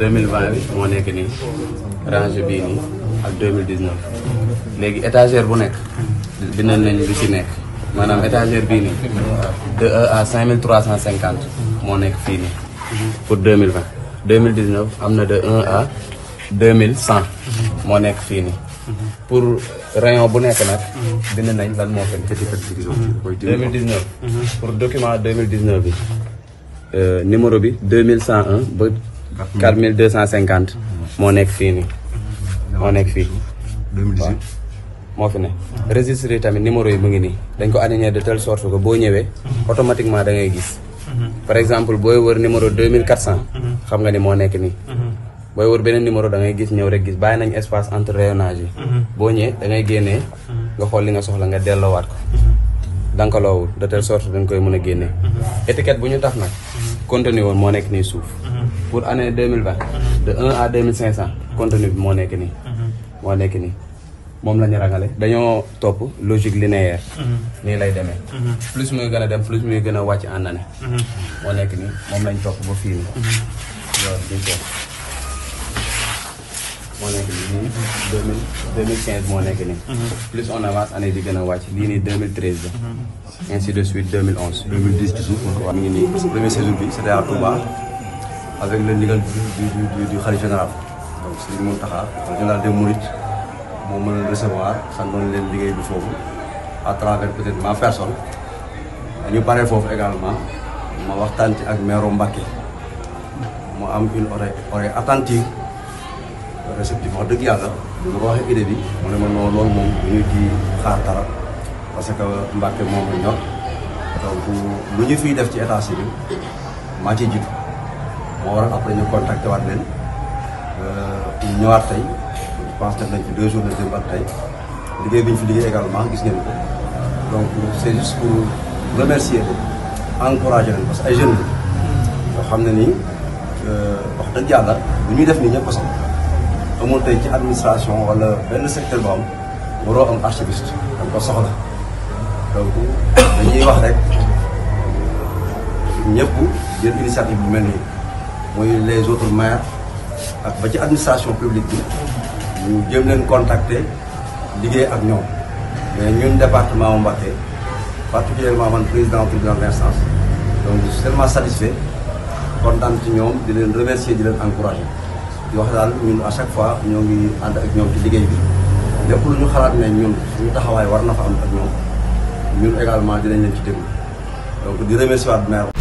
deux mille vingt bi moo nekk nii rangé bii nii ak deux mille dix neuf léegi étagère bu nekk dinañ nañ lu ci nekk maanaam étagère bii nii de un à cinq mille trois cent cinquante moo nekk fii nii pour deux mille vingt deux mille dix neuf am na de un à deux mille cent moo nekk fii nii pour rayon bu nekk nag bind nañ lan moo fen deux mille dix neuf pour document deux mille dix neuf bi euh, numéro bi deux mille cent un ba quatre mille deux cent cinquante moo nekk fii nii moo nekk fii waaw moo fi ne registre yi tamit numéro yi mu ngi nii dañ ko aligné de telle sorte que boo ñëwee automatiquement da ngay gis mhm. par exemple booy wër numéro deux mille quatre cent mhm. xam nga ni moo nekk nii mhm. booy wër beneen numéro da ngay gis ñëw rek gis bàyyi nañ espace entre rayonnage yi boo ñëwee dangay génnee nga xool li nga soxla nga delloo waat ko dankaloowul de telle sort dañ koy mën a génnee étiquette bu ñu tax na contenu woon moo nekk nii suuf. Mhm. pour année deux mille vingt. Mhm. de un à deux mille cinq cent. contenu bi moo nekk nii. Mhm. moo nekk nii moom lañu ñu rangale dañoo topp logique linéaire. nii lay demee. plus muy gën a dem plus muy gën a wàcc en année. moo nekk nii moom lañ topp ba fii nii. loolu moo nekk nii moo nekk nii. Mhm. plus on avance année di gën a wàcc lii nii deux mille treize la. Mhm. ainsi de suite deux mille onze. deux mille dix ci suuf waaw. mu ngi nii premier saison bi c'était à Touba avec le ndigal du du du du khalife général donc Serigne Mountakha général des Mourides moo mën a recevoir santoon leen liggéey bi foofu à travers peut-être ma personne ñu paree foofu également ma waxtaan ci ak maire Mbacké moo am une oreille oreille attentive. réceptif wax dëgg yàlla bu ma waxee idée bi mu ne ma loolu moom bu ñu ci xaar dara parce que Mbàkke moom la ñor donc lu ñu fi def ci état civil maa ciy jiitu moo waral après ñu contacté waat leen euh, ñu ñëwaat tey je pense nañ de démb ak tey liggéey bi ñu fi liggéey également gis ngeen ko donc c'est juste pour remercier ko encouragé leen parce que ay jeunes la yoo xam ne ni euh, wax dëgg yàlla bu ñuy def nii ñëpp a amul tey ci administration wala benn secteur bu am waroo am archiviste dañ ko soxla donc dañuy wax rek ñëpp jël initiative bu mel nii muy les autres maires ak ba ci administration publique bi ñu jëm leen contacter liggéey ak ñoom mais ñun département Mbacké particulièrement man président tribunal d'instance donc je suis tellement satisfait kontaan ci ñoom di leen remercier di leen encourager di wax ñun à chaque fois ñoo ngi ànd ak ñoom ci liggéey bi lépp lu ñu xalaat ne ñun suñu taxawaay war na fa am ak ñoom ñun également dinañ leen ci déglu donc di remercier waat